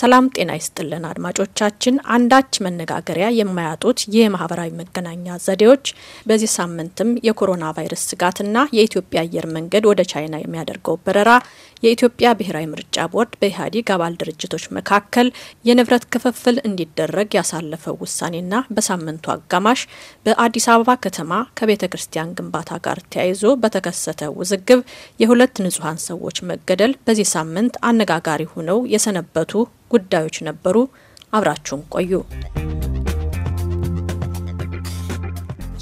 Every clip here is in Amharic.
ሰላም ጤና ይስጥልን አድማጮቻችን። አንዳች መነጋገሪያ የማያጡት የማህበራዊ መገናኛ ዘዴዎች በዚህ ሳምንትም የኮሮና ቫይረስ ስጋትና የኢትዮጵያ አየር መንገድ ወደ ቻይና የሚያደርገው በረራ፣ የኢትዮጵያ ብሔራዊ ምርጫ ቦርድ በኢህአዴግ አባል ድርጅቶች መካከል የንብረት ክፍፍል እንዲደረግ ያሳለፈው ውሳኔና በሳምንቱ አጋማሽ በአዲስ አበባ ከተማ ከቤተ ክርስቲያን ግንባታ ጋር ተያይዞ በተከሰተ ውዝግብ የሁለት ንጹሐን ሰዎች መገደል በዚህ ሳምንት አነጋጋሪ ሆነው የሰነበቱ ጉዳዮች ነበሩ። አብራችሁን ቆዩ።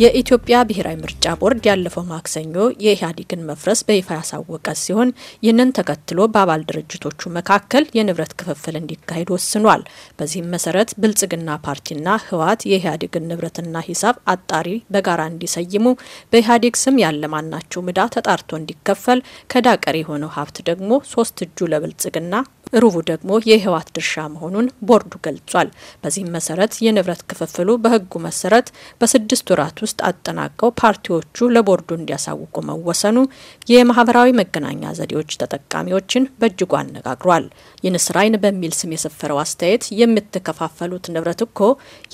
የኢትዮጵያ ብሔራዊ ምርጫ ቦርድ ያለፈው ማክሰኞ የኢህአዴግን መፍረስ በይፋ ያሳወቀ ሲሆን ይህንን ተከትሎ በአባል ድርጅቶቹ መካከል የንብረት ክፍፍል እንዲካሄድ ወስኗል። በዚህም መሰረት ብልጽግና ፓርቲና ህወሓት የኢህአዴግን ንብረትና ሂሳብ አጣሪ በጋራ እንዲሰይሙ፣ በኢህአዴግ ስም ያለ ማናቸውም ተጣርቶ እንዲከፈል፣ ከዳቀር የሆነው ሀብት ደግሞ ሶስት እጁ ለብልጽግና ሩቡ ደግሞ የህወሓት ድርሻ መሆኑን ቦርዱ ገልጿል። በዚህም መሰረት የንብረት ክፍፍሉ በህጉ መሰረት በስድስት ወራት ውስጥ አጠናቀው ፓርቲዎቹ ለቦርዱ እንዲያሳውቁ መወሰኑ የማህበራዊ መገናኛ ዘዴዎች ተጠቃሚዎችን በእጅጉ አነጋግሯል። ይንስራይን በሚል ስም የሰፈረው አስተያየት የምትከፋፈሉት ንብረት እኮ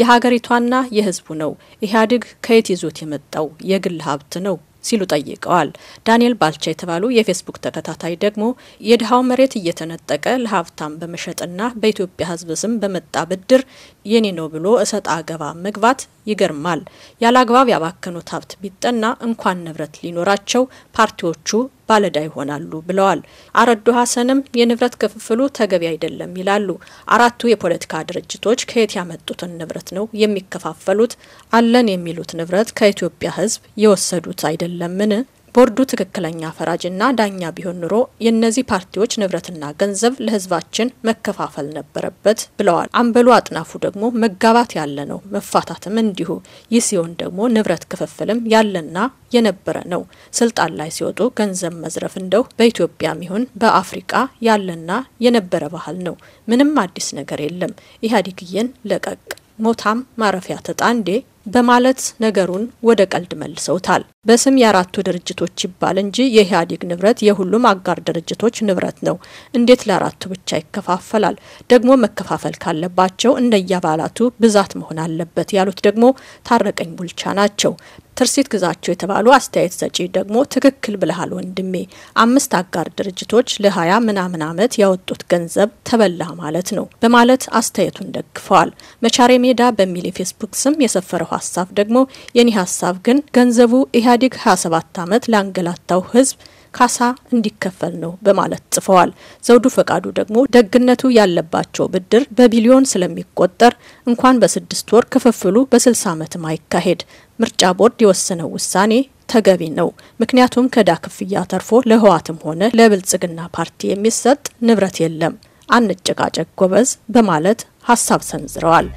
የሀገሪቷና የህዝቡ ነው። ኢህአዴግ ከየት ይዞት የመጣው የግል ሀብት ነው ሲሉ ጠይቀዋል። ዳንኤል ባልቻ የተባሉ የፌስቡክ ተከታታይ ደግሞ የድሃው መሬት እየተነጠቀ ለሀብታም በመሸጥና በኢትዮጵያ ሕዝብ ስም በመጣ ብድር የኔ ነው ብሎ እሰጥ አገባ መግባት ይገርማል። ያለ አግባብ ያባከኑት ሀብት ቢጠና እንኳን ንብረት ሊኖራቸው ፓርቲዎቹ ባለዳ ይሆናሉ ብለዋል። አረዱ ሀሰንም የንብረት ክፍፍሉ ተገቢ አይደለም ይላሉ። አራቱ የፖለቲካ ድርጅቶች ከየት ያመጡትን ንብረት ነው የሚከፋፈሉት? አለን የሚሉት ንብረት ከኢትዮጵያ ሕዝብ የወሰዱት አይደለምን? ቦርዱ ትክክለኛ ፈራጅና ዳኛ ቢሆን ኑሮ የእነዚህ ፓርቲዎች ንብረትና ገንዘብ ለህዝባችን መከፋፈል ነበረበት ብለዋል። አምበሉ አጥናፉ ደግሞ መጋባት ያለ ነው፣ መፋታትም እንዲሁ። ይህ ሲሆን ደግሞ ንብረት ክፍፍልም ያለና የነበረ ነው። ስልጣን ላይ ሲወጡ ገንዘብ መዝረፍ እንደው በኢትዮጵያም ይሁን በአፍሪቃ ያለና የነበረ ባህል ነው። ምንም አዲስ ነገር የለም። ኢህአዴግዬን ለቀቅ ሞታም ማረፊያ ተጣ እንዴ በማለት ነገሩን ወደ ቀልድ መልሰውታል። በስም የአራቱ ድርጅቶች ይባል እንጂ የኢህአዴግ ንብረት የሁሉም አጋር ድርጅቶች ንብረት ነው። እንዴት ለአራቱ ብቻ ይከፋፈላል? ደግሞ መከፋፈል ካለባቸው እንደየአባላቱ ብዛት መሆን አለበት ያሉት ደግሞ ታረቀኝ ቡልቻ ናቸው። ትርሲት ግዛቸው የተባሉ አስተያየት ሰጪ ደግሞ ትክክል ብልሃል ወንድሜ፣ አምስት አጋር ድርጅቶች ለሀያ ምናምን ዓመት ያወጡት ገንዘብ ተበላ ማለት ነው በማለት አስተያየቱን ደግፈዋል። መቻሬ ሜዳ በሚል የፌስቡክ ስም የሰፈረው ሀሳብ ደግሞ የኒህ ሀሳብ ግን ገንዘቡ ኢህአዴግ 27 ዓመት ላንገላታው ህዝብ ካሳ እንዲከፈል ነው በማለት ጽፈዋል። ዘውዱ ፈቃዱ ደግሞ ደግነቱ ያለባቸው ብድር በቢሊዮን ስለሚቆጠር እንኳን በስድስት ወር ክፍፍሉ በስልሳ ዓመት ማይካሄድ ምርጫ ቦርድ የወሰነው ውሳኔ ተገቢ ነው። ምክንያቱም ከዳ ክፍያ ተርፎ ለህዋትም ሆነ ለብልጽግና ፓርቲ የሚሰጥ ንብረት የለም። አንጨቃጨቅ ጎበዝ በማለት ሀሳብ ሰንዝረዋል።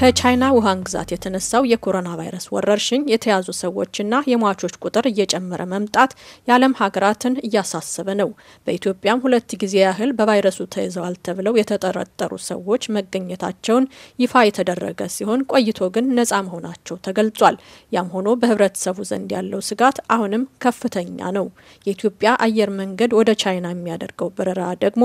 ከቻይና ውሃን ግዛት የተነሳው የኮሮና ቫይረስ ወረርሽኝ የተያዙ ሰዎችና የሟቾች ቁጥር እየጨመረ መምጣት የዓለም ሀገራትን እያሳሰበ ነው። በኢትዮጵያም ሁለት ጊዜ ያህል በቫይረሱ ተይዘዋል ተብለው የተጠረጠሩ ሰዎች መገኘታቸውን ይፋ የተደረገ ሲሆን ቆይቶ ግን ነፃ መሆናቸው ተገልጿል። ያም ሆኖ በህብረተሰቡ ዘንድ ያለው ስጋት አሁንም ከፍተኛ ነው። የኢትዮጵያ አየር መንገድ ወደ ቻይና የሚያደርገው በረራ ደግሞ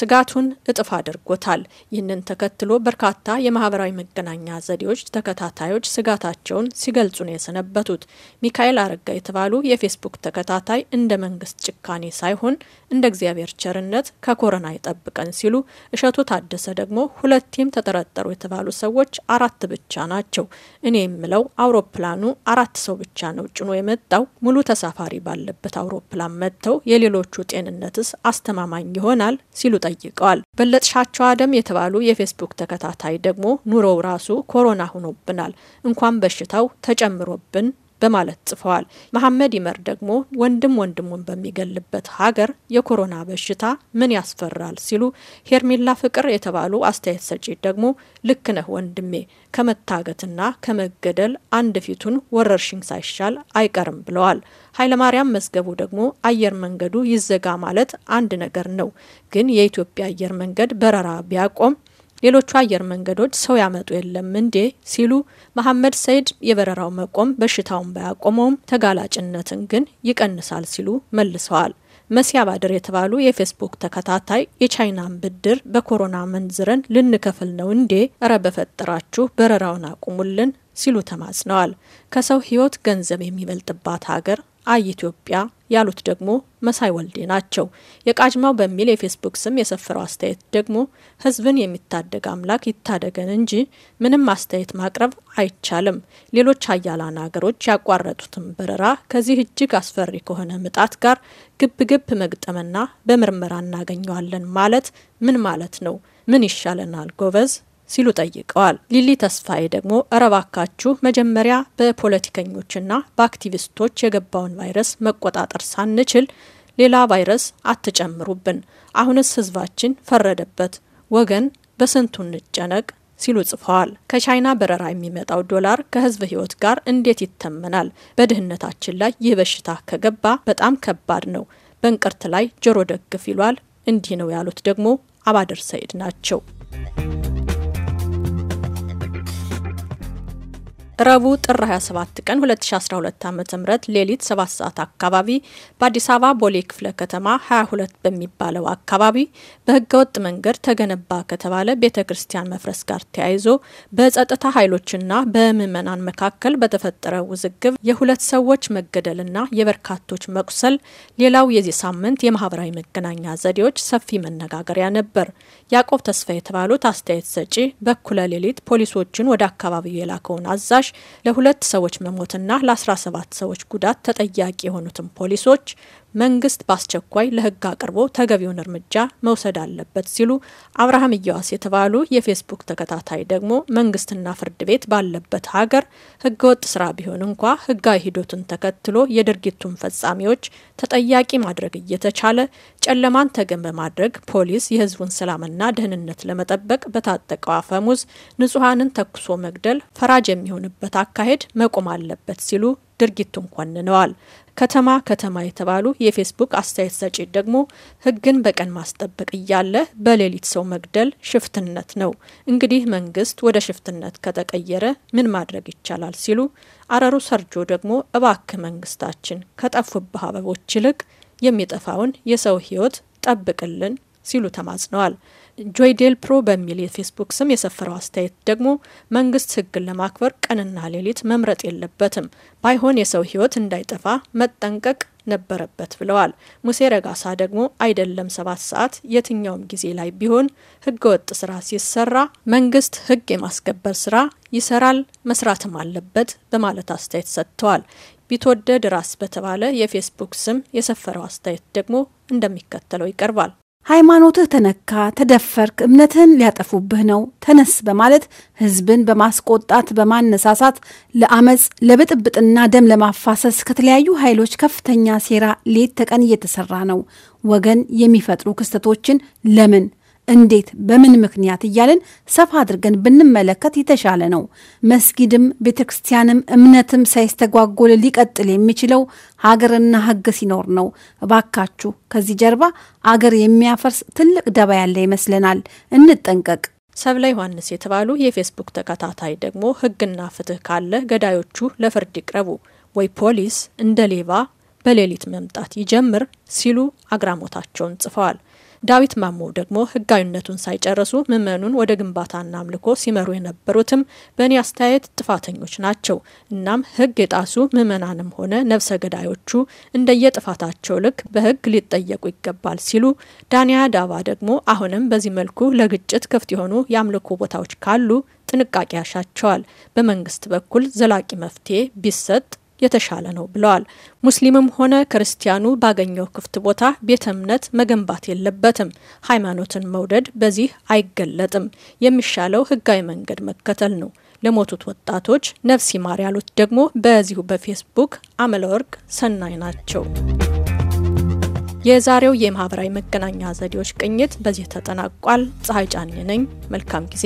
ስጋቱን እጥፍ አድርጎታል። ይህንን ተከትሎ በርካታ የማህበራዊ መገናኛ መገናኛ ዘዴዎች ተከታታዮች ስጋታቸውን ሲገልጹ ነው የሰነበቱት። ሚካኤል አረጋ የተባሉ የፌስቡክ ተከታታይ እንደ መንግስት ጭካኔ ሳይሆን እንደ እግዚአብሔር ቸርነት ከኮረና ይጠብቀን ሲሉ፣ እሸቱ ታደሰ ደግሞ ሁለቴም ተጠረጠሩ የተባሉ ሰዎች አራት ብቻ ናቸው። እኔ የምለው አውሮፕላኑ አራት ሰው ብቻ ነው ጭኖ የመጣው። ሙሉ ተሳፋሪ ባለበት አውሮፕላን መጥተው የሌሎቹ ጤንነትስ አስተማማኝ ይሆናል ሲሉ ጠይቀዋል። በለጥሻቸው አደም የተባሉ የፌስቡክ ተከታታይ ደግሞ ኑሮው ራ ራሱ ኮሮና ሆኖብናል፣ እንኳን በሽታው ተጨምሮብን በማለት ጽፈዋል። መሐመድ ይመር ደግሞ ወንድም ወንድሙን በሚገልበት ሀገር የኮሮና በሽታ ምን ያስፈራል ሲሉ፣ ሄርሜላ ፍቅር የተባሉ አስተያየት ሰጪ ደግሞ ልክ ነህ ወንድሜ፣ ከመታገትና ከመገደል አንድ ፊቱን ወረርሽኝ ሳይሻል አይቀርም ብለዋል። ኃይለማርያም መዝገቡ ደግሞ አየር መንገዱ ይዘጋ ማለት አንድ ነገር ነው፣ ግን የኢትዮጵያ አየር መንገድ በረራ ቢያቆም ሌሎቹ አየር መንገዶች ሰው ያመጡ የለም እንዴ ሲሉ መሐመድ ሰይድ የበረራው መቆም በሽታውን ባያቆመውም ተጋላጭነትን ግን ይቀንሳል ሲሉ መልሰዋል። መሲያ ባድር የተባሉ የፌስቡክ ተከታታይ የቻይናን ብድር በኮሮና መንዝረን ልንከፍል ነው እንዴ? እረ በፈጠራችሁ በረራውን አቁሙልን ሲሉ ተማጽነዋል። ከሰው ሕይወት ገንዘብ የሚበልጥባት ሀገር አይ ኢትዮጵያ ያሉት ደግሞ መሳይ ወልዴ ናቸው። የቃጅማው በሚል የፌስቡክ ስም የሰፈረው አስተያየት ደግሞ ህዝብን የሚታደግ አምላክ ይታደገን እንጂ ምንም አስተያየት ማቅረብ አይቻልም። ሌሎች አያላን ሀገሮች ያቋረጡትን በረራ ከዚህ እጅግ አስፈሪ ከሆነ ምጣት ጋር ግብ ግብ መግጠምና በምርመራ እናገኘዋለን ማለት ምን ማለት ነው? ምን ይሻለናል ጎበዝ? ሲሉ ጠይቀዋል። ሊሊ ተስፋዬ ደግሞ እረባካችሁ መጀመሪያ በፖለቲከኞችና በአክቲቪስቶች የገባውን ቫይረስ መቆጣጠር ሳንችል ሌላ ቫይረስ አትጨምሩብን። አሁንስ ህዝባችን ፈረደበት፣ ወገን በስንቱ እንጨነቅ ሲሉ ጽፈዋል። ከቻይና በረራ የሚመጣው ዶላር ከህዝብ ህይወት ጋር እንዴት ይተመናል? በድህነታችን ላይ ይህ በሽታ ከገባ በጣም ከባድ ነው። በእንቅርት ላይ ጆሮ ደግፍ ይሏል። እንዲህ ነው ያሉት ደግሞ አባደር ሰይድ ናቸው። ረቡ ጥር 27 ቀን 2012 ዓ ም ሌሊት 7 ሰዓት አካባቢ በአዲስ አበባ ቦሌ ክፍለ ከተማ 22 በሚባለው አካባቢ በህገወጥ መንገድ ተገነባ ከተባለ ቤተ ክርስቲያን መፍረስ ጋር ተያይዞ በጸጥታ ኃይሎችና በምዕመናን መካከል በተፈጠረ ውዝግብ የሁለት ሰዎች መገደልና የበርካቶች መቁሰል ሌላው የዚህ ሳምንት የማህበራዊ መገናኛ ዘዴዎች ሰፊ መነጋገሪያ ነበር። ያዕቆብ ተስፋ የተባሉት አስተያየት ሰጪ በኩለ ሌሊት ፖሊሶችን ወደ አካባቢው የላከውን አዛዥ አዳራሽ ለሁለት ሰዎች መሞትና ለ17 ሰዎች ጉዳት ተጠያቂ የሆኑትን ፖሊሶች መንግስት በአስቸኳይ ለህግ አቅርቦ ተገቢውን እርምጃ መውሰድ አለበት ሲሉ አብርሃም እየዋስ የተባሉ የፌስቡክ ተከታታይ ደግሞ መንግስትና ፍርድ ቤት ባለበት ሀገር ህገወጥ ስራ ቢሆን እንኳ ህጋዊ ሂደቱን ተከትሎ የድርጊቱን ፈጻሚዎች ተጠያቂ ማድረግ እየተቻለ ጨለማን ተገን በማድረግ ፖሊስ የህዝቡን ሰላምና ደህንነት ለመጠበቅ በታጠቀው አፈሙዝ ንጹሐንን ተኩሶ መግደል ፈራጅ የሚሆንበት አካሄድ መቆም አለበት ሲሉ ድርጊቱን ኮንነዋል። ከተማ ከተማ የተባሉ የፌስቡክ አስተያየት ሰጪ ደግሞ ሕግን በቀን ማስጠበቅ እያለ በሌሊት ሰው መግደል ሽፍትነት ነው። እንግዲህ መንግስት ወደ ሽፍትነት ከተቀየረ ምን ማድረግ ይቻላል? ሲሉ አረሩ ሰርጆ ደግሞ እባክህ መንግስታችን ከጠፉብህ አበቦች ይልቅ የሚጠፋውን የሰው ሕይወት ጠብቅልን ሲሉ ተማጽነዋል። ጆይ ዴል ፕሮ በሚል የፌስቡክ ስም የሰፈረው አስተያየት ደግሞ መንግስት ህግን ለማክበር ቀንና ሌሊት መምረጥ የለበትም፣ ባይሆን የሰው ህይወት እንዳይጠፋ መጠንቀቅ ነበረበት ብለዋል። ሙሴ ረጋሳ ደግሞ አይደለም ሰባት ሰዓት የትኛውም ጊዜ ላይ ቢሆን ህገወጥ ስራ ሲሰራ መንግስት ህግ የማስከበር ስራ ይሰራል፣ መስራትም አለበት በማለት አስተያየት ሰጥተዋል። ቢትወደድ ራስ በተባለ የፌስቡክ ስም የሰፈረው አስተያየት ደግሞ እንደሚከተለው ይቀርባል። ሃይማኖትህ ተነካ፣ ተደፈርክ፣ እምነትህን ሊያጠፉብህ ነው፣ ተነስ በማለት ህዝብን በማስቆጣት በማነሳሳት ለአመፅ ለብጥብጥና ደም ለማፋሰስ ከተለያዩ ኃይሎች ከፍተኛ ሴራ ሌት ተቀን እየተሰራ ነው። ወገን የሚፈጥሩ ክስተቶችን ለምን እንዴት፣ በምን ምክንያት እያለን ሰፋ አድርገን ብንመለከት የተሻለ ነው። መስጊድም ቤተክርስቲያንም እምነትም ሳይስተጓጎል ሊቀጥል የሚችለው ሀገርና ሕግ ሲኖር ነው። እባካችሁ ከዚህ ጀርባ አገር የሚያፈርስ ትልቅ ደባ ያለ ይመስለናል። እንጠንቀቅ። ሰብለ ዮሐንስ የተባሉ የፌስቡክ ተከታታይ ደግሞ ሕግና ፍትህ ካለ ገዳዮቹ ለፍርድ ይቅረቡ ወይ ፖሊስ እንደ ሌባ በሌሊት መምጣት ይጀምር ሲሉ አግራሞታቸውን ጽፈዋል። ዳዊት ማሞ ደግሞ ህጋዊነቱን ሳይጨርሱ ምዕመኑን ወደ ግንባታና አምልኮ ሲመሩ የነበሩትም በእኔ አስተያየት ጥፋተኞች ናቸው። እናም ህግ የጣሱ ምዕመናንም ሆነ ነፍሰ ገዳዮቹ እንደየጥፋታቸው ልክ በህግ ሊጠየቁ ይገባል ሲሉ፣ ዳንያ ዳባ ደግሞ አሁንም በዚህ መልኩ ለግጭት ክፍት የሆኑ የአምልኮ ቦታዎች ካሉ ጥንቃቄ ያሻቸዋል። በመንግስት በኩል ዘላቂ መፍትሄ ቢሰጥ የተሻለ ነው ብለዋል። ሙስሊምም ሆነ ክርስቲያኑ ባገኘው ክፍት ቦታ ቤተ እምነት መገንባት የለበትም። ሃይማኖትን መውደድ በዚህ አይገለጥም። የሚሻለው ህጋዊ መንገድ መከተል ነው። ለሞቱት ወጣቶች ነፍስ ይማር ያሉት ደግሞ በዚሁ በፌስቡክ አመለወርቅ ሰናይ ናቸው። የዛሬው የማህበራዊ መገናኛ ዘዴዎች ቅኝት በዚህ ተጠናቋል። ፀሐይ ጫኔ ነኝ። መልካም ጊዜ